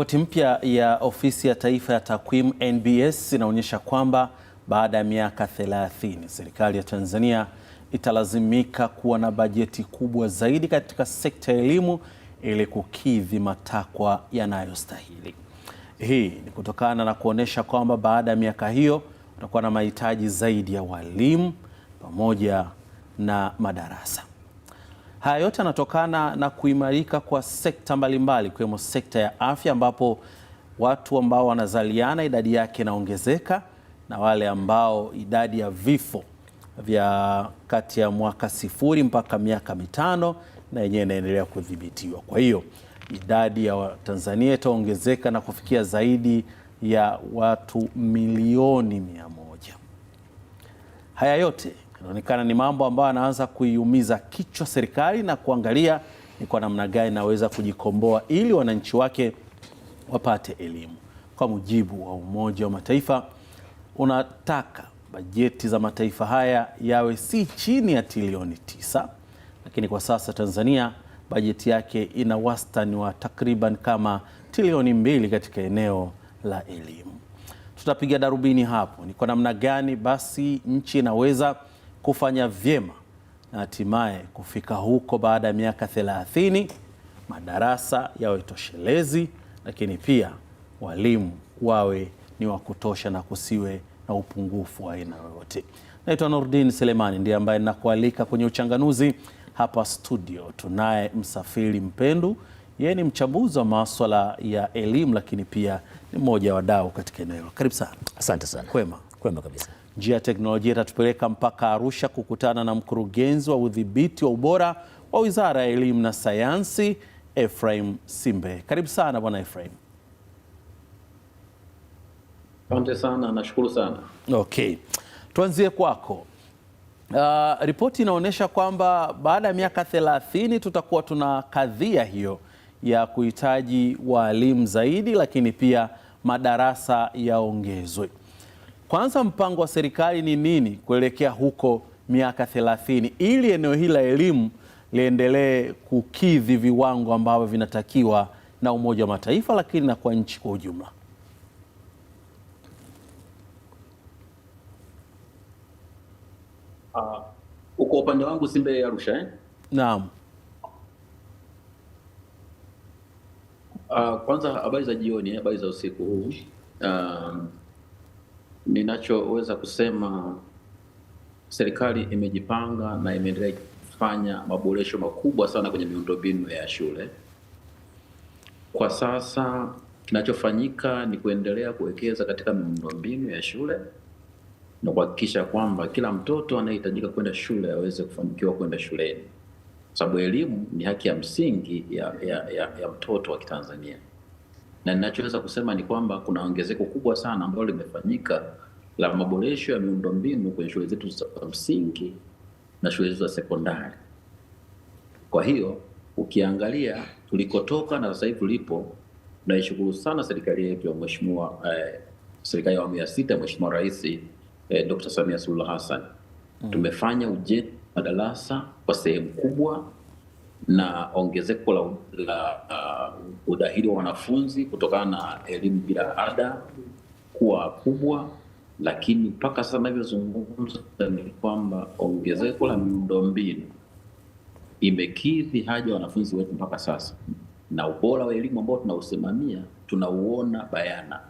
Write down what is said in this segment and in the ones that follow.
Ripoti mpya ya Ofisi ya Taifa ya Takwimu NBS inaonyesha kwamba baada ya miaka 30 serikali ya Tanzania italazimika kuwa na bajeti kubwa zaidi katika sekta ya elimu ili kukidhi matakwa yanayostahili. Hii ni kutokana na kuonyesha kwamba baada ya miaka hiyo kutakuwa na mahitaji zaidi ya walimu pamoja na madarasa. Haya yote yanatokana na kuimarika kwa sekta mbalimbali ikiwemo mbali, sekta ya afya ambapo watu ambao wanazaliana idadi yake inaongezeka na wale ambao idadi ya vifo vya kati ya mwaka sifuri mpaka miaka mitano na yenyewe inaendelea kudhibitiwa. Kwa hiyo idadi ya Watanzania itaongezeka na kufikia zaidi ya watu milioni mia moja. Haya yote Inaonekana ni mambo ambayo anaanza kuiumiza kichwa serikali na kuangalia ni kwa namna gani naweza kujikomboa ili wananchi wake wapate elimu. Kwa mujibu wa Umoja wa Mataifa unataka bajeti za mataifa haya yawe si chini ya trilioni tisa, lakini kwa sasa Tanzania bajeti yake ina wastani wa takriban kama trilioni mbili katika eneo la elimu. Tutapiga darubini hapo ni kwa namna gani basi nchi inaweza kufanya vyema na hatimaye kufika huko baada ya miaka 30, madarasa yawe toshelezi, lakini pia walimu wawe ni wa kutosha na kusiwe na upungufu wa aina yoyote. Naitwa Nurdin Selemani, ndiye ambaye nakualika kwenye Uchanganuzi. Hapa studio tunaye Msafiri Mpendu, yeye ni mchambuzi wa maswala ya elimu, lakini pia ni mmoja wa wadau katika eneo hilo. Karibu sana. Asante sana. Kwema? Kwema kabisa. Njia ya teknolojia itatupeleka mpaka Arusha kukutana na mkurugenzi wa udhibiti wa ubora wa Wizara ya Elimu na Sayansi, Ephraim Simbe. Karibu sana bwana Ephraim. Asante sana, nashukuru sana. Okay, tuanzie kwako. Uh, ripoti inaonyesha kwamba baada ya miaka thelathini tutakuwa tuna kadhia hiyo ya kuhitaji waalimu zaidi, lakini pia madarasa yaongezwe. Kwanza, mpango wa serikali ni nini kuelekea huko miaka 30 ili eneo hili la elimu liendelee kukidhi viwango ambavyo vinatakiwa na Umoja wa Mataifa, lakini na kwa nchi kwa ujumla? Uh, uko upande wangu Simbe Arusha eh? Naam. Uh, kwanza habari za jioni, eh, habari za usiku huu. uh, ah, Ninachoweza kusema serikali imejipanga na imeendelea kufanya maboresho makubwa sana kwenye miundombinu ya shule. Kwa sasa kinachofanyika ni kuendelea kuwekeza katika miundombinu ya shule na kuhakikisha kwamba kila mtoto anayehitajika kwenda shule aweze kufanikiwa kwenda shuleni, kwa sababu elimu ni haki ya msingi ya, ya, ya, ya mtoto wa Kitanzania na ninachoweza kusema ni kwamba kuna ongezeko kubwa sana ambalo limefanyika la maboresho ya miundombinu kwenye shule zetu za msingi na shule zetu za sekondari. Kwa hiyo ukiangalia tulikotoka na sasa hivi tulipo, naishukuru sana serikali yetu ya mheshimiwa eh, serikali ya awamu ya sita, Mheshimiwa Rais eh, Dr. Samia Suluhu Hassan. Mm. Tumefanya ujenzi madarasa kwa sehemu kubwa na ongezeko la, la uh, udahili wa wanafunzi kutokana na elimu bila ada kuwa kubwa, lakini mpaka sasa navyozungumza ni kwamba ongezeko la miundombinu imekidhi haja ya wanafunzi wetu mpaka sasa, na ubora wa elimu ambao tunausimamia tunauona bayana.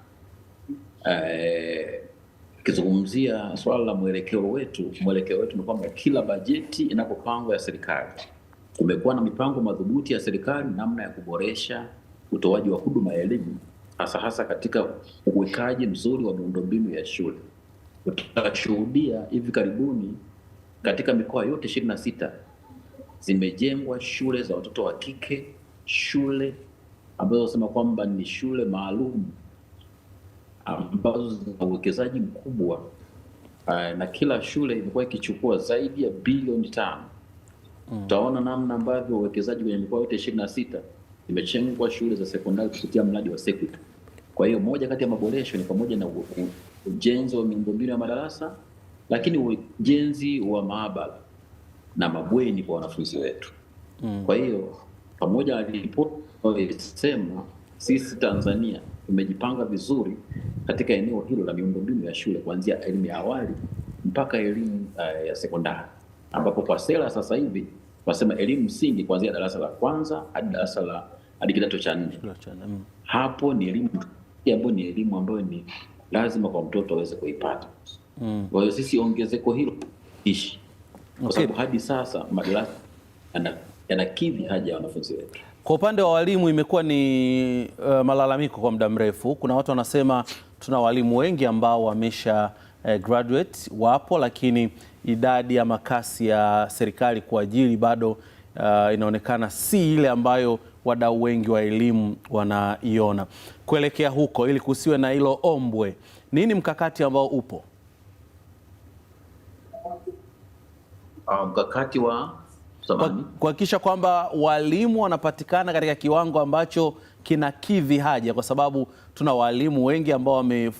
Eh, ikizungumzia swala la mwelekeo wetu, mwelekeo wetu ni kwamba kila bajeti inapopangwa ya serikali kumekuwa na mipango madhubuti ya serikali namna ya kuboresha utoaji wa huduma ya elimu hasa hasa katika uwekaji mzuri wa miundombinu ya shule. Utashuhudia hivi karibuni katika mikoa yote ishirini na sita zimejengwa shule za watoto wa kike, shule ambazo nasema kwamba ni shule maalum ambazo zina uwekezaji mkubwa eh, na kila shule imekuwa ikichukua zaidi ya bilioni tano Utaona mm. namna ambavyo uwekezaji kwenye mikoa yote ishirini na sita imechengwa shule za sekondari kupitia mradi wa SEQUIP. Kwa hiyo moja kati ya maboresho ni pamoja na ujenzi wa miundombinu ya madarasa, lakini ujenzi wa maabara na mabweni kwa wanafunzi wetu mm. kwa hiyo pamoja na ripoti sisi Tanzania tumejipanga vizuri katika eneo hilo la miundombinu ya shule kuanzia elimu ya awali mpaka elimu uh, ya sekondari ambapo kwa sera sasa hivi tunasema elimu msingi kuanzia darasa la kwanza hadi darasa la hadi kidato cha nne. Mm. Hapo ni elimu ambayo ni elimu ambayo ni lazima kwa mtoto aweze kuipata. Mm. Kwa hiyo sisi ongezeko hilo ishi kwa okay, sababu hadi sasa madarasa yanakidhi haja ya wanafunzi wetu. Kwa upande wa walimu imekuwa ni uh, malalamiko kwa muda mrefu. Kuna watu wanasema tuna walimu wengi ambao wamesha eh, graduate wapo, lakini idadi ya makasi ya serikali kuajiri bado uh, inaonekana si ile ambayo wadau wengi wa elimu wanaiona. Kuelekea huko, ili kusiwe na hilo ombwe, nini mkakati ambao upo? Ah, mkakati wa kuhakikisha kwamba walimu wanapatikana katika kiwango ambacho kinakidhi haja, kwa sababu tuna waalimu wengi ambao wame uh,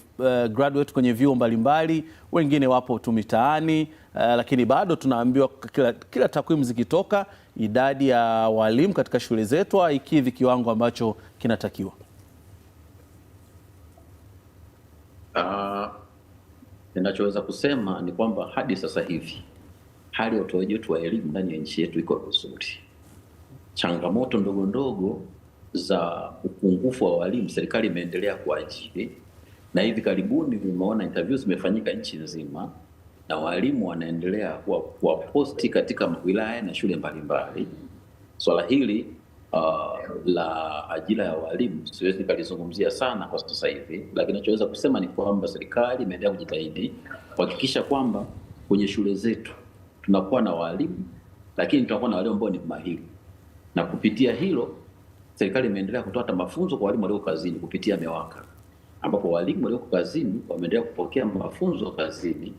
graduate kwenye vyuo mbalimbali, wengine wapo tu mitaani uh, lakini bado tunaambiwa kila, kila takwimu zikitoka idadi ya waalimu katika shule zetu haikidhi kiwango ambacho kinatakiwa. Ah, ninachoweza uh, kusema ni kwamba hadi sasa hivi hali ya utoaji wetu wa elimu ndani ya nchi yetu iko vizuri. Changamoto ndogo ndogo za upungufu wa walimu serikali imeendelea kuajiri, na hivi karibuni umeona interview zimefanyika nchi nzima, na walimu wanaendelea kuwaposti katika wilaya na shule mbalimbali. Swala hili uh, la ajira ya walimu siwezi nikalizungumzia sana kwa sasa hivi, lakini nachoweza kusema ni kwamba serikali imeendelea kujitahidi kuhakikisha kwamba kwenye shule zetu tunakuwa na walimu, lakini tunakuwa na walimu ambao ni mahiri, na kupitia hilo serikali imeendelea kutoa mafunzo kwa walimu walioko kazini kupitia MEWAKA, ambapo walimu walioko kazini wameendelea kupokea mafunzo kazini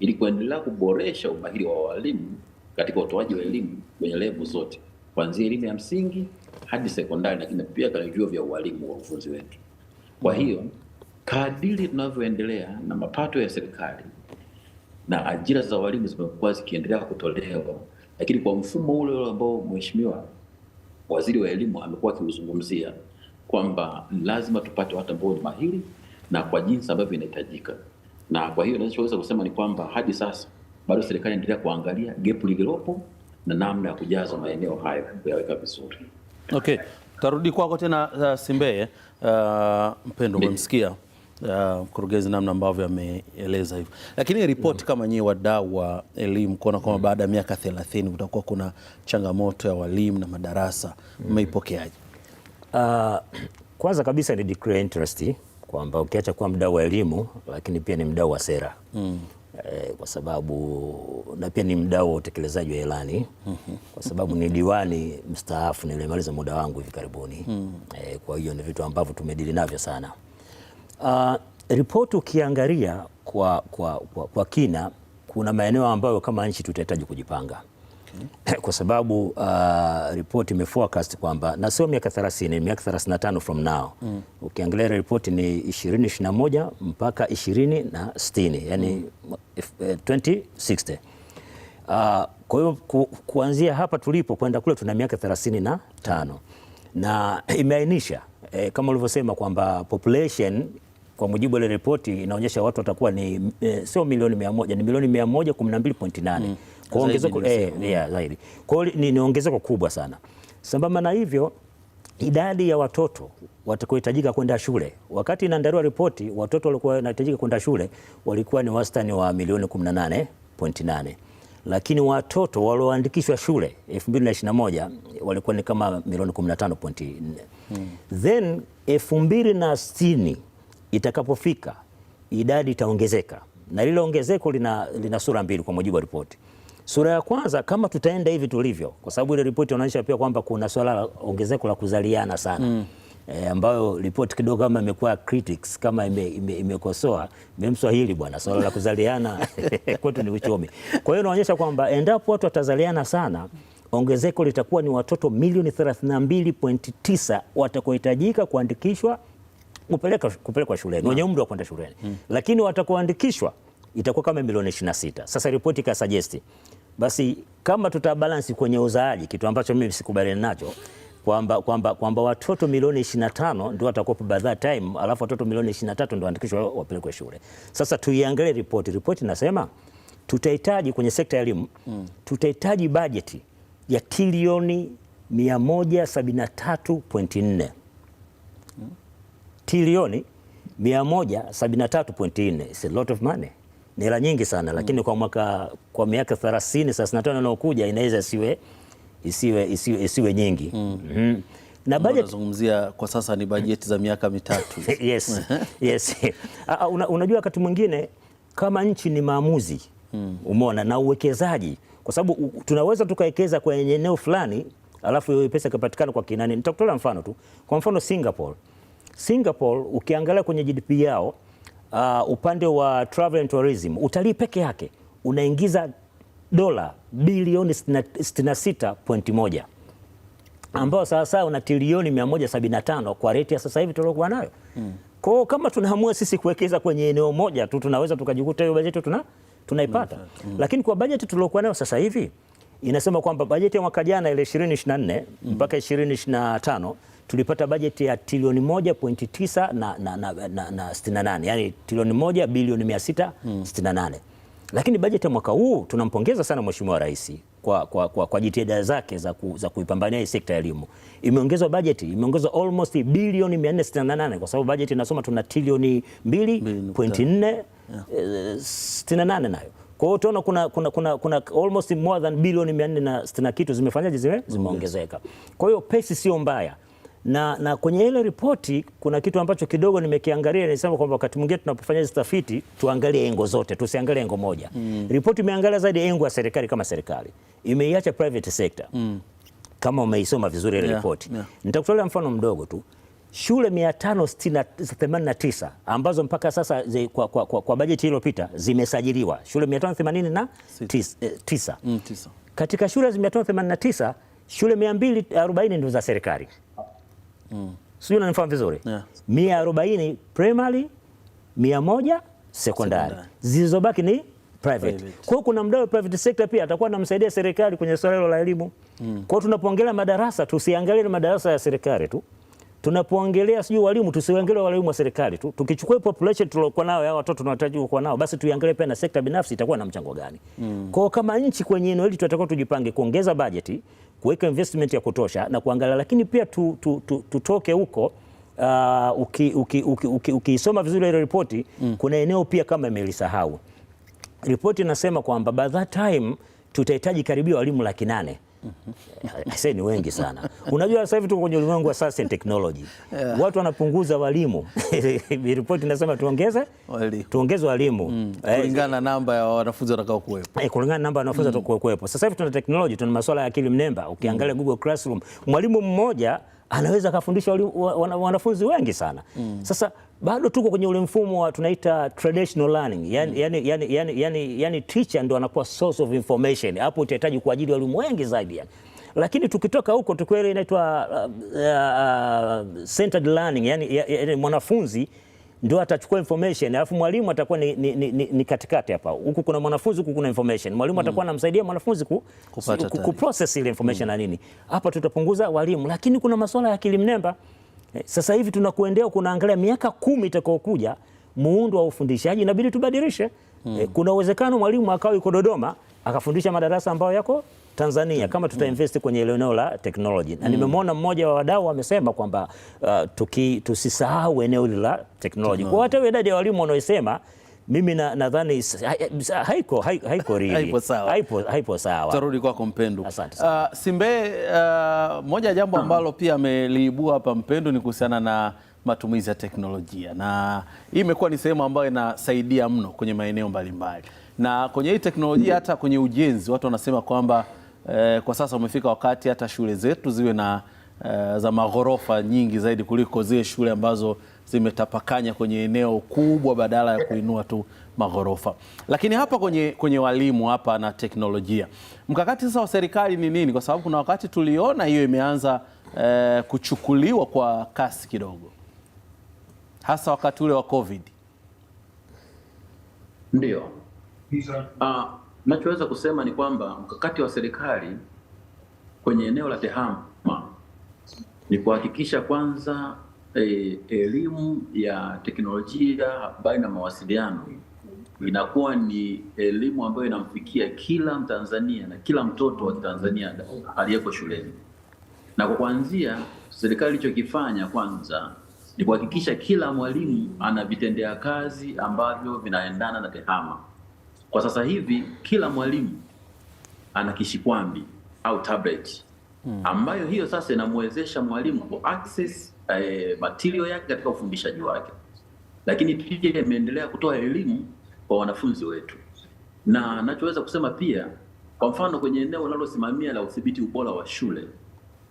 ili kuendelea kuboresha umahiri wa walimu katika utoaji wa elimu kwenye levu zote, kuanzia elimu ya msingi hadi sekondari, lakini pia katika vyuo vya ualimu wa ufunzi wetu. Kwa hiyo kadiri tunavyoendelea na mapato ya serikali na ajira za walimu zimekuwa zikiendelea kutolewa, lakini kwa mfumo ule ule ambao mheshimiwa waziri wa elimu amekuwa akiuzungumzia kwamba lazima tupate watu ambao ni mahiri na kwa jinsi ambavyo inahitajika. Na kwa hiyo nachoweza kusema ni kwamba hadi sasa bado serikali inaendelea kuangalia gap lililopo na namna ya kujaza maeneo hayo kuyaweka vizuri. Okay, tarudi kwako tena uh, Simbeye uh, Mpendo umemsikia uh, mkurugenzi namna ambavyo ameeleza hivyo, lakini ripoti kama nyie wadau wa elimu kuona kwamba baada ya miaka 30 kutakuwa kuna changamoto ya walimu na madarasa mmeipokeaje? Uh, kwanza kabisa ni declare interest kwamba ukiacha kuwa mdau wa elimu lakini pia ni mdau wa sera mm. E, kwa sababu na pia ni mdau wa utekelezaji wa ilani mm-hmm. Kwa sababu ni diwani mstaafu, nilimaliza muda wangu hivi karibuni mm. Eh, kwa hiyo ni vitu ambavyo tumedili navyo sana. Uh, ripoti ukiangalia kwa, kwa, kwa, kwa kina kuna maeneo ambayo kama nchi tutahitaji kujipanga okay. Kwa sababu uh, ripoti imeforecast kwamba na sio miaka 30, miaka 35 from now mm. Ukiangalia ripoti ni 2021 mpaka 2060 na 60 yani mm. 2060 eh, uh, kwa hiyo ku, kuanzia hapa tulipo kwenda kule tuna miaka 35 na imeainisha eh, kama ulivyosema kwamba population kwa mujibu wa ile ripoti inaonyesha watu watakuwa ni e, sio milioni 100 ni milioni 112.8 mm. kwa ongezeko eh, yeah, zaidi. Kwa ni, ni ongezeko kubwa sana. Sambamba na hivyo idadi ya watoto watakohitajika kwenda shule, wakati inaandaliwa ripoti, watoto walikuwa wanahitajika kwenda shule walikuwa ni wastani wa milioni 18.8 lakini watoto walioandikishwa shule 2021 walikuwa ni kama milioni 15.4 hmm. then 2060 itakapofika idadi itaongezeka, na lile ongezeko lina, lina sura mbili kwa mujibu wa ripoti. Sura ya kwanza kama tutaenda hivi tulivyo, kwa sababu ile ripoti inaonyesha pia kwamba kuna swala la ongezeko la kuzaliana sana mm. E, ambayo ripoti kidogo kama imekuwa critics kama imekosoa ime, ime Mswahili bwana, swala la kuzaliana kwetu ni uchumi. Kwa hiyo inaonyesha kwamba endapo watu watazaliana sana, ongezeko litakuwa ni watoto milioni 32.9 watakohitajika kuandikishwa kupeleka kupelekwa shuleni wenye umri wa kwenda shuleni mm. Lakini watakuandikishwa itakuwa kama milioni sita. Sasa ripoti ka suggest basi, kama tutabalansi kwenye uzaaji, kitu ambacho mimi sikubaliani nacho kwamba kwamba kwamba watoto milioni 25 ndio watakuwa by that time, alafu watoto milioni 23 ndio waandikishwe wapelekwe shule. Sasa tuiangalie ripoti. Ripoti inasema tutahitaji kwenye sekta ya elimu mm. tutahitaji bajeti ya trilioni 173.4 trilioni 173.4. It's a lot of money. Ni hela nyingi sana lakini, kwa mwaka kwa miaka 30 35 inayokuja inaweza isiwe isiwe isiwe, isiwe nyingi. Mm. Mm -hmm. Na budget tunazungumzia kwa sasa ni bajeti za miaka mitatu. Yes. Yes. Una, unajua wakati mwingine kama nchi ni maamuzi. Mm. Umeona na uwekezaji kwa sababu tunaweza tukawekeza kwenye eneo fulani alafu pesa ikapatikana kwa kinani. Nitakutolea mfano tu. Kwa mfano Singapore Singapore ukiangalia kwenye GDP yao uh, upande wa travel and tourism, utalii peke yake unaingiza dola bilioni 66.1 ambao sawasawa una trilioni 175 kwa reti ya sasa hivi tuliokuwa nayo mm. Kwa hiyo kama tunaamua sisi kuwekeza kwenye eneo moja tu tunaweza tukajikuta hiyo bajeti tuna tunaipata mm. Lakini kwa bajeti tuliokuwa nayo sasa hivi inasema kwamba bajeti ya mwaka jana ile 2024 hmm. mpaka 2025 tulipata bajeti ya trilioni 1.9 na, na, na, na, na nane yani trilioni 1 bilioni 668 mm. Lakini bajeti ya mwaka huu tunampongeza sana Mheshimiwa Rais kwa, kwa, kwa, kwa jitihada zake za, ku, za kuipambania hii sekta ya elimu. Imeongezwa bajeti, imeongezwa almost bilioni 468 kwa sababu bajeti inasoma tuna trilioni 2.4 68 eh, nayo. Kwa hiyo kuna, kuna, kuna, kuna almost more than bilioni 460 kitu zimefanyaje, zime, zimeongezeka. Kwa hiyo pesi sio mbaya na, na kwenye ile ripoti kuna kitu ambacho kidogo nimekiangalia, nisema kwamba wakati mwingine tunapofanya hizi tafiti tuangalie engo zote, tusiangalie engo moja mm. Ripoti imeangalia zaidi engo ya serikali kama serikali, imeiacha private sector mm. Kama umeisoma vizuri ile yeah, ripoti yeah. Nitakutolea mfano mdogo tu shule 589 ambazo mpaka sasa zi, kwa, kwa, kwa, kwa bajeti iliyopita zimesajiliwa shule 589 eh, mm, katika shule 589 shule 240 ndio za serikali mm. sijui unanifahamu vizuri yeah. mia arobaini primary, mia moja sekondari, zilizobaki ni private. Private. Kwa hiyo kuna mdau private sector pia atakuwa anamsaidia serikali kwenye swala hilo la elimu mm. Kwa hiyo tunapoongelea madarasa tusiangalie madarasa ya serikali tu tunapoongelea sijui walimu tusiangalie walimu wa serikali tu, tukichukua population tuliokuwa nayo ya watoto tunahitaji kuwa nao, basi tuiangalie pia na sekta binafsi itakuwa na mchango gani? mm. Kwa kama nchi kwenye eneo hili tunatakiwa tujipange kuongeza bajeti kuweka investment ya kutosha na kuangalia, lakini pia tutoke tu, tu, tu huko uh, ukiisoma uki, uki, uki, uki vizuri ile ripoti mm. Kuna eneo pia kama imelisahau ripoti, inasema kwamba by that time tutahitaji karibia walimu laki nane Aisee, ni wengi sana. Unajua sasa hivi tuko kwenye ulimwengu wa sasa technology. Yeah. Watu wanapunguza walimu. Ripoti inasema tuongeze walimu. Tuongeze walimu. Mm. Eh, kulingana na namba ya wanafunzi watakao kuwepo. Eh, kulingana na namba ya wanafunzi mm. watakao mm. kuwepo. Sasa hivi tuna technology, tuna masuala ya akili mnemba. Ukiangalia mm. Google Classroom, mwalimu mmoja anaweza akafundisha wanafunzi wengi sana. Mm. Sasa bado tuko kwenye ule mfumo wa tunaita traditional learning, yani, mm. yani, yani, yani, yani, yani teacher ndo anakuwa source of information. Hapo utahitaji kwa ajili ya walimu wengi zaidi yani. Lakini tukitoka huko tukweli inaitwa uh, uh, centered learning yani, yani mwanafunzi ndio atachukua information alafu mwalimu atakuwa ni, ni, ni, ni katikati hapa. Huku kuna mwanafunzi, huku kuna information. Mwalimu atakuwa hmm. anamsaidia mwanafunzi ku, kupata ku, ku ku process ile information mm. na nini. Hapa tutapunguza walimu, lakini kuna masuala ya akili mnemba. Eh, sasa hivi tunakuendea kunaangalia miaka kumi itakayokuja, muundo wa ufundishaji inabidi tubadilishe. Hmm. Eh, kuna uwezekano mwalimu akawa yuko Dodoma akafundisha madarasa ambayo yako Tanzania kama hmm. tutainvest kwenye eneo la technology. Na hmm. nimemwona mmoja wa wadau amesema kwamba uh, tusisahau eneo hili la technology. Kwa hata idadi ya walimu wanaoisema mimi nadhani na eh, haiko, haiko, haiko haipo sawa, haipo, haipo sawa. Tarudi kwako Mpendu. Uh, Simbe uh, moja ya jambo ambalo pia ameliibua hapa Mpendu ni kuhusiana na matumizi ya teknolojia, na hii imekuwa ni sehemu ambayo inasaidia mno kwenye maeneo mbalimbali, na kwenye hii teknolojia hata kwenye ujenzi watu wanasema kwamba eh, kwa sasa umefika wakati hata shule zetu ziwe na eh, za maghorofa nyingi zaidi kuliko zile shule ambazo zimetapakanya kwenye eneo kubwa badala ya kuinua tu maghorofa. Lakini hapa kwenye, kwenye walimu hapa na teknolojia, mkakati sasa wa serikali ni nini? Kwa sababu kuna wakati tuliona hiyo imeanza eh, kuchukuliwa kwa kasi kidogo, hasa wakati ule wa COVID. Ndio uh, nachoweza kusema ni kwamba mkakati wa serikali kwenye eneo la TEHAMA ni kuhakikisha kwanza eh, elimu ya teknolojia, habari na mawasiliano mm-hmm. inakuwa ni elimu ambayo inamfikia kila Mtanzania na kila mtoto wa Tanzania aliyeko shuleni. Na kwa kuanzia, serikali ilichokifanya kwanza ni kuhakikisha kila mwalimu ana vitendea kazi ambavyo vinaendana na TEHAMA. Kwa sasa hivi kila mwalimu ana kishikwambi au tablet mm. ambayo hiyo sasa inamwezesha mwalimu ku access eh, matirio yake katika ufundishaji wake, lakini pia imeendelea kutoa elimu kwa wanafunzi wetu, na nachoweza kusema pia, kwa mfano kwenye eneo linalosimamia la udhibiti ubora wa shule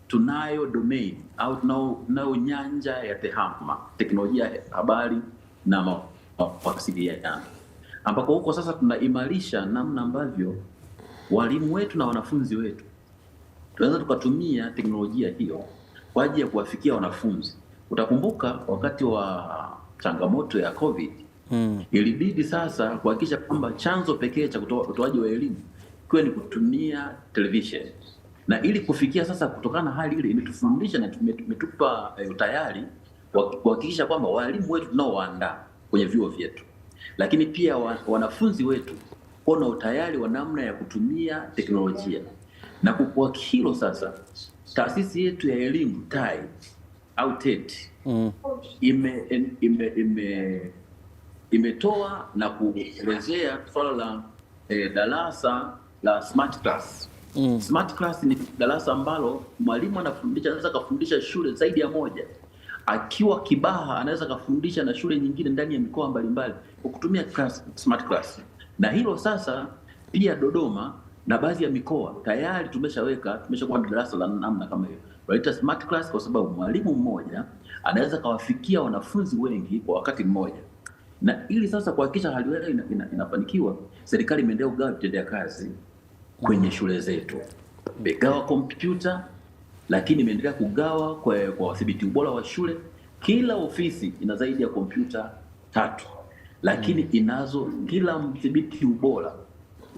tunayo domain au tunayo nyanja ya TEHAMA, teknolojia habari na mawasiliano, ambako huko sasa tunaimarisha namna ambavyo walimu wetu na wanafunzi wetu tunaweza tukatumia teknolojia hiyo kwa ajili ya kuwafikia wanafunzi. Utakumbuka wakati wa changamoto ya COVID mm. ilibidi sasa kuhakikisha kwamba chanzo pekee cha utoaji wa elimu ikiwa ni kutumia televishen na ili kufikia sasa, kutokana na hali ile imetufundisha na imetupa eh, utayari kuhakikisha kwamba walimu wetu tunaowaandaa kwenye vyuo vyetu, lakini pia wa, wanafunzi wetu kuwa na utayari wa namna ya kutumia teknolojia na kukua hilo sasa taasisi yetu ya elimu TAI au TET mm. ime, ime, ime imetoa na kuelezea swala la eh, darasa la smart class mm. Smart class ni darasa ambalo mwalimu anafundisha, anaweza akafundisha shule zaidi ya moja akiwa Kibaha, anaweza akafundisha na shule nyingine ndani ya mikoa mbalimbali kwa kutumia class, smart class, na hilo sasa pia Dodoma na baadhi ya mikoa tayari tumeshaweka tumeshakuwa na darasa la namna kama hiyo, tunaita smart class, kwa sababu mwalimu mmoja anaweza kawafikia wanafunzi wengi kwa wakati mmoja. Na ili sasa kuhakikisha hali hiyo ina, ina, inafanikiwa, serikali imeendelea kugawa vitendea kazi kwenye shule zetu, imegawa kompyuta, lakini imeendelea kugawa kwa, kwa wadhibiti ubora wa shule. Kila ofisi ina zaidi ya kompyuta tatu, lakini mm. inazo kila mdhibiti ubora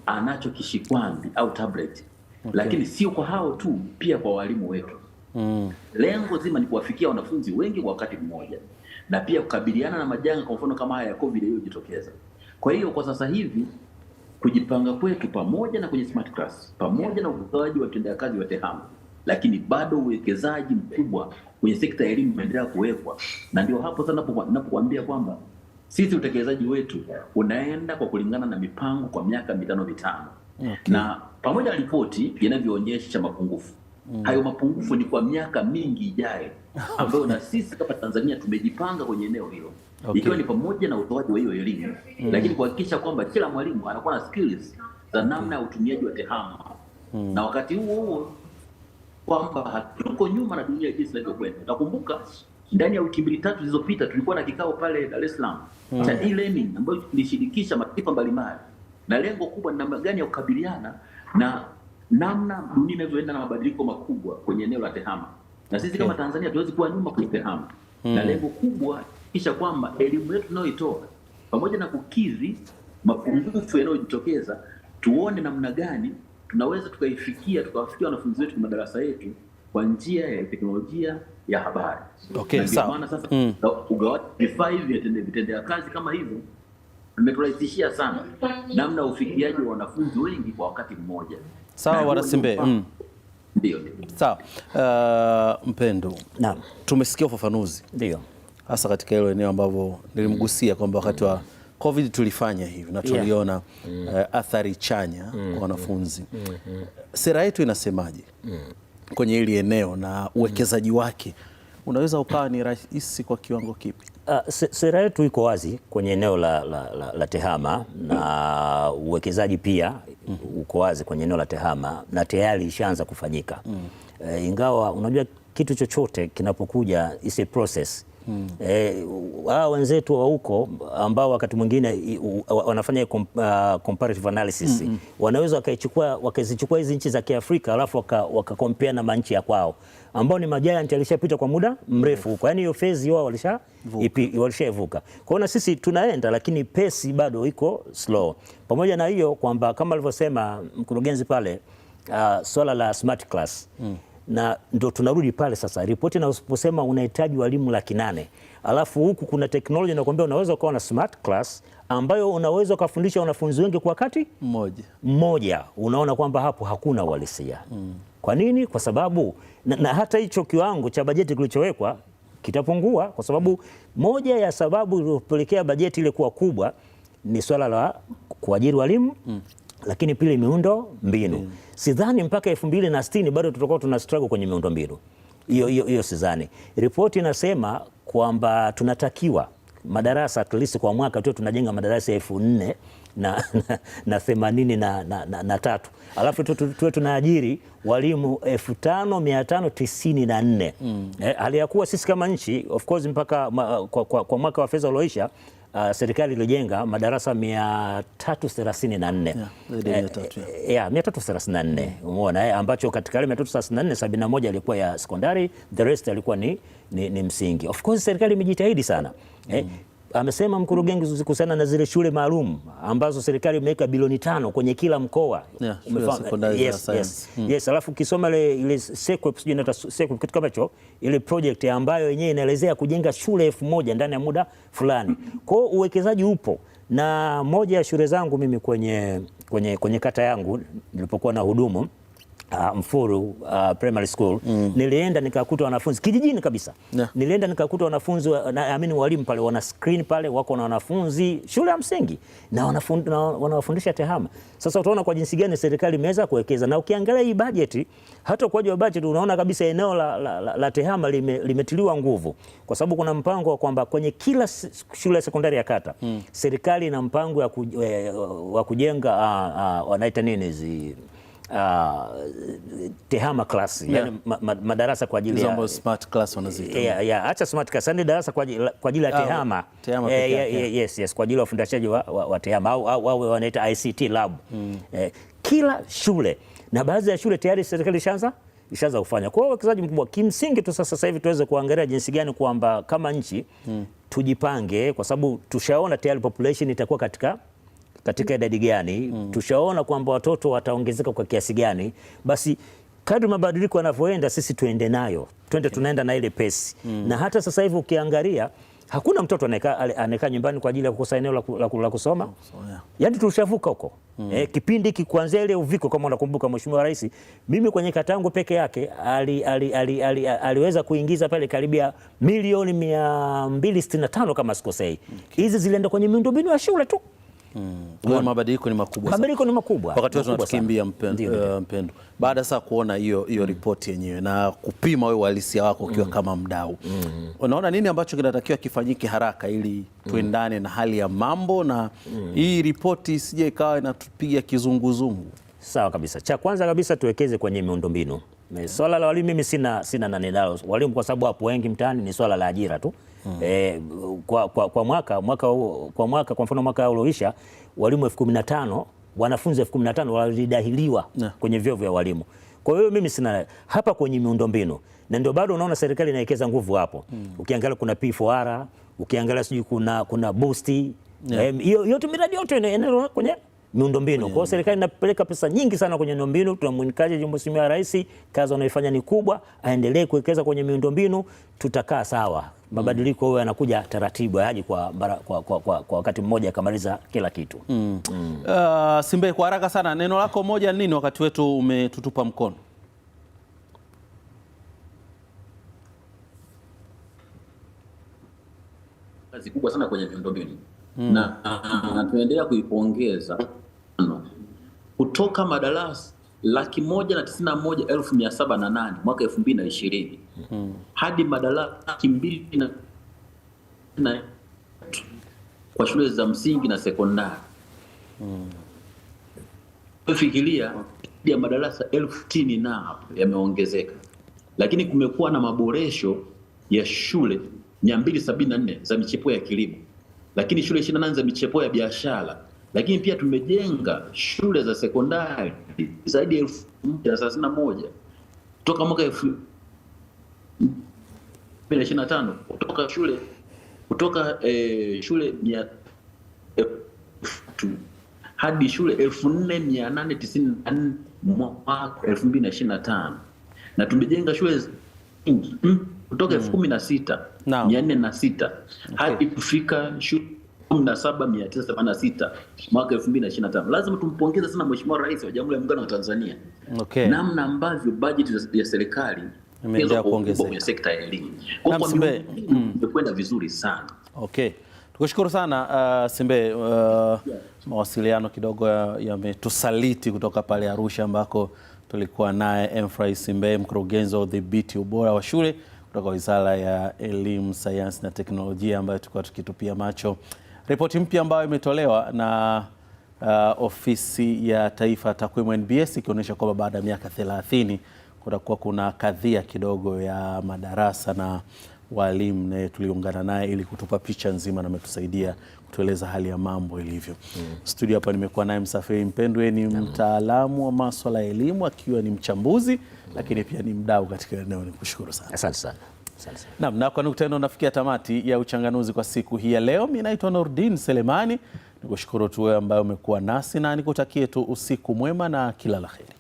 anacho kishikwambi au tablet okay. Lakini sio kwa hao tu, pia kwa walimu wetu mm. Lengo zima ni kuwafikia wanafunzi wengi kwa wakati mmoja na pia kukabiliana na majanga, kwa mfano kama haya ya COVID yaliyojitokeza. Kwa hiyo kwa sasa hivi kujipanga kwetu pamoja na kwenye smart class pamoja na uwekezaji wa kazi wa TEHAMA, lakini bado uwekezaji mkubwa kwenye sekta ya elimu umeendelea kuwekwa, na ndio hapo sasa napokuambia kwamba sisi utekelezaji wetu unaenda kwa kulingana na mipango kwa miaka mitano mitano, okay. na pamoja na ripoti inavyoonyesha mapungufu mm. hayo mapungufu ni kwa miaka mingi ijayo ambayo na sisi kama Tanzania tumejipanga kwenye eneo hilo okay. ikiwa ni pamoja na utoaji wa hiyo elimu mm. lakini kuhakikisha kwamba kila mwalimu anakuwa na skills za namna ya utumiaji wa tehama mm. na wakati huo huo kwamba hatuko nyuma na dunia jinsi inavyokwenda. Utakumbuka ndani ya wiki mbili tatu zilizopita tulikuwa na kikao pale Dar es Salaam mm. cha e-learning ambayo kilishirikisha mataifa mbalimbali, na lengo kubwa ni namna gani ya kukabiliana na namna dunia inavyoenda na mabadiliko makubwa kwenye eneo la tehama, na sisi kama Tanzania tuwezi kuwa nyuma kwenye tehama mm. na lengo kubwa kisha kwamba elimu yetu tunayoitoa pamoja na kukidhi mapungufu yanayojitokeza, tuone namna gani tunaweza tukaifikia tukawafikia wanafunzi wetu kwa madarasa yetu kwa njia ya teknolojia ya habari. Okay, sawa. Maana sasa mm. ugawaji vifaa hivi vitendea kazi kama hivyo imeturahisishia sana namna ufikiaji wa wanafunzi wengi kwa wakati mmoja. Sawa, wanasimbe mm. ndio. Sawa. Uh, Mpendo, naam, tumesikia ufafanuzi ndio hasa katika hilo eneo ambavyo nilimgusia kwamba wakati wa COVID tulifanya hivi na tuliona yeah. mm. uh, athari chanya mm. kwa wanafunzi mm. mm. mm. sera yetu inasemaje? mm kwenye hili eneo na uwekezaji wake unaweza ukawa ni rahisi kwa kiwango kipi? Uh, sera yetu iko wazi kwenye eneo la, la, la, la tehama na uwekezaji pia uko wazi kwenye eneo la tehama na tayari ishaanza kufanyika mm eh, ingawa unajua kitu chochote kinapokuja is a process mm. E, hawa wenzetu wa huko ambao wakati mwingine wanafanya uh, comparative analysis mm -hmm. wanaweza wakaichukua wakazichukua hizi nchi za Kiafrika alafu wakakompea waka na manchi ya kwao ambao ni majianti alishapita kwa muda mrefu huko, yaani hiyo fezi wao walishaivuka. Kwa hiyo na sisi tunaenda, lakini pesi bado iko slow. Pamoja na hiyo kwamba kama alivyosema mkurugenzi pale uh, swala la smart class mm na ndo tunarudi pale sasa, ripoti inaposema unahitaji walimu laki nane alafu huku kuna teknolojia inakwambia unaweza ukawa na smart class ambayo unaweza ukafundisha wanafunzi wengi kwa wakati mmoja mmoja. Unaona kwamba hapo hakuna uhalisia mm. Kwa nini? Kwa sababu na, na hata hicho kiwango cha bajeti kilichowekwa kitapungua kwa sababu Moja ya sababu iliyopelekea bajeti ile kuwa kubwa ni swala la kuajiri walimu mm lakini pili miundo mbinu mm. Sidhani mpaka elfu mbili na sitini bado tutakuwa tuna struggle kwenye miundo mbinu hiyo hiyo hiyo, sidhani. Ripoti inasema kwamba tunatakiwa madarasa at least kwa mwaka tu tunajenga madarasa elfu nne na, na, na themanini na, na, na, na tatu alafu tuwe tunaajiri walimu elfu tano mia tano tisini na nne mm. eh, hali ya kuwa sisi kama nchi of course mpaka ma, kwa, kwa, kwa mwaka wa fedha ulioisha uh, serikali ilijenga madarasa 334 ya 334, eh, umeona, eh, ambacho katika ile 334 71 ilikuwa ya sekondari, the rest alikuwa ni, ni, ni msingi. Of course serikali imejitahidi sana eh, mm. eh, amesema mkurugenzi kuhusiana na zile shule maalum ambazo serikali imeweka bilioni tano kwenye kila mkoa. Yeah, yes, yes, mm. Yes, alafu ukisoma ile kitu kama hicho ile project ambayo yenyewe inaelezea kujenga shule elfu moja ndani ya muda fulani. Kwa hiyo uwekezaji upo na moja ya shule zangu mimi kwenye, kwenye, kwenye kata yangu nilipokuwa na hudumu Uh, Mfuru uh, primary school mm. Nilienda nikakuta wanafunzi kijijini kabisa yeah. Nilienda nikakuta wanafunzi naamini I walimu pale wana screen pale wako na wanafunzi shule ya msingi na wanawafundisha tehama. Sasa utaona kwa jinsi gani serikali imeweza kuwekeza, na ukiangalia hii budget, hata ukuaji wa budget unaona kabisa eneo la, la, la, la tehama lime, limetiliwa nguvu, kwa sababu kuna mpango wa kwamba kwenye kila shule ya sekondari ya kata mm. serikali ina mpango eh, wa kujenga ah, wanaita nini hizi uh, tehama class yeah. Yani ma, ma, madarasa kwa ajili ya smart class wanaziita yeah, yeah. Acha smart class ni yaani darasa kwa ajili kwa ajili ya ah, tehama, tehama eh, yeah, yeah. Yes, yes, kwa ajili ya ufundishaji wa, wa, wa tehama au, au, au wanaita ICT lab mm. Eh, kila shule na baadhi ya shule tayari serikali ishaanza ishaanza kufanya. Kwa hiyo uwekezaji mkubwa kimsingi tu sasa hivi tuweze kuangalia jinsi gani kwamba kama nchi mm. tujipange, kwa sababu tushaona tayari population itakuwa katika katika idadi gani mm. tushaona kwamba watoto wataongezeka kwa kiasi gani, basi kadri mabadiliko yanavyoenda sisi tuende nayo twende okay. tunaenda na ile pesi mm. na hata sasa hivi ukiangalia hakuna mtoto anaekaa nyumbani kwa ajili ya kukosa eneo la kusoma oh, yeah. Yaani tulishavuka huko mm. E, kipindi hiki kuanzia ile uviko, kama unakumbuka Mheshimiwa Rais, mimi kwenye katangu peke yake ali, ali, ali, ali, ali, aliweza kuingiza pale karibia milioni 265 kama sikosei. Hizi okay. zilienda kwenye miundombinu ya shule tu. mm. Mm. Mabadiliko ni makubwa. Mabadiliko ni makubwa. Wakati wote tunatukimbia mpendo, uh, Baada sasa kuona hiyo hiyo mm. ripoti yenyewe na kupima wewe uhalisia wako ukiwa mm. kama mdau mm. unaona nini ambacho kinatakiwa kifanyike haraka ili mm. tuendane mm. na hali ya mambo na mm. hii ripoti isije ikawa inatupiga kizunguzungu. Sawa kabisa. Cha kwanza kabisa tuwekeze kwenye miundombinu. Eh, swala la walimu mimi sina sina nani nalo. Walimu kwa sababu hapo wengi mtaani ni swala la ajira tu mm. e, kwa, kwa, kwa mwaka mwaka kwa mwaka kwa mfano mwaka ulioisha walimu elfu kumi na tano wanafunzi elfu kumi na tano walidahiliwa yeah. kwenye vyuo vya walimu. Kwa hiyo mimi sina hapa kwenye miundombinu, na ndio bado unaona serikali inawekeza nguvu hapo mm. ukiangalia kuna P4R ukiangalia sijui kuna, kuna boosti eh, hiyo yeah. yote miradi yote kwenye miundombinu. Kwa serikali inapeleka pesa nyingi sana kwenye miundombinu. Tunamwinikaje Mheshimiwa Rais, kazi anaifanya ni kubwa, aendelee kuwekeza kwenye miundombinu, tutakaa sawa. Mabadiliko mm. yanakuja taratibu, hayaji kwa, kwa, kwa, kwa, kwa wakati mmoja akamaliza kila kitu mm. Mm. Uh, Simbe, kwa haraka sana neno lako moja nini? Wakati wetu umetutupa mkono. Kazi kubwa sana kwenye miundombinu hmm. na, na tunaendelea kuipongeza kutoka madarasa laki moja na tisini na moja elfu mia saba na nane mwaka elfu mbili na ishirini hmm. hadi madarasa laki mbili na, na kwa shule za msingi na sekondari hmm. Fikiria ya madarasa elfu tini na hapo yameongezeka, lakini kumekuwa na maboresho ya shule 274 za michepuo ya kilimo lakini shule 28 na za michepuo ya biashara, lakini pia tumejenga shule za sekondari zaidi ya elfu moja na thelathini na moja toka mwaka elfu mbili na ishirini na tano kutoka shule kutoka eh, shule mia tatu hadi shule elfu nne mia nane tisini na nne mwaka elfu mbili na ishirini na tano na tumejenga shule mm, kutoka elfu kumi na sita mia nne na sita hadi kufika shule kumi na saba mia tisa themanini na sita mwaka elfu mbili na ishirini na tano. Lazima tumpongeze sana Mheshimiwa Rais wa Jamhuri ya Muungano wa Tanzania okay. namna ambavyo bajeti ya serikali kwenye sekta ya elimu mm. imekwenda vizuri sana okay. Tukushukuru sana uh, Simbe uh, yeah. Mawasiliano kidogo yametusaliti ya kutoka pale Arusha ambako tulikuwa naye Mfrai Simbe, mkurugenzi wa udhibiti ubora wa shule kutoka Wizara ya Elimu, Sayansi na Teknolojia ambayo tulikuwa tukitupia macho ripoti mpya ambayo imetolewa na uh, Ofisi ya Taifa Takwimu NBS ikionyesha kwamba baada ya miaka 30 kutakuwa kuna kadhia kidogo ya madarasa na walimu, naye tuliungana naye ili kutupa picha nzima na ametusaidia tueleza hali ya mambo ilivyo. Mm. Studio hapa nimekuwa naye Msafiri Mpendwa, ni mtaalamu wa maswala ya elimu akiwa ni mchambuzi mm. lakini pia ni mdau katika eneo. Nikushukuru sana. Asante sana. Naam, na kwa nukta ino nafikia tamati ya uchanganuzi kwa siku hii ya leo. Mimi naitwa Nordin Selemani, nikushukuru tu wewe ambaye umekuwa nasi na nikutakie tu usiku mwema na kila la heri.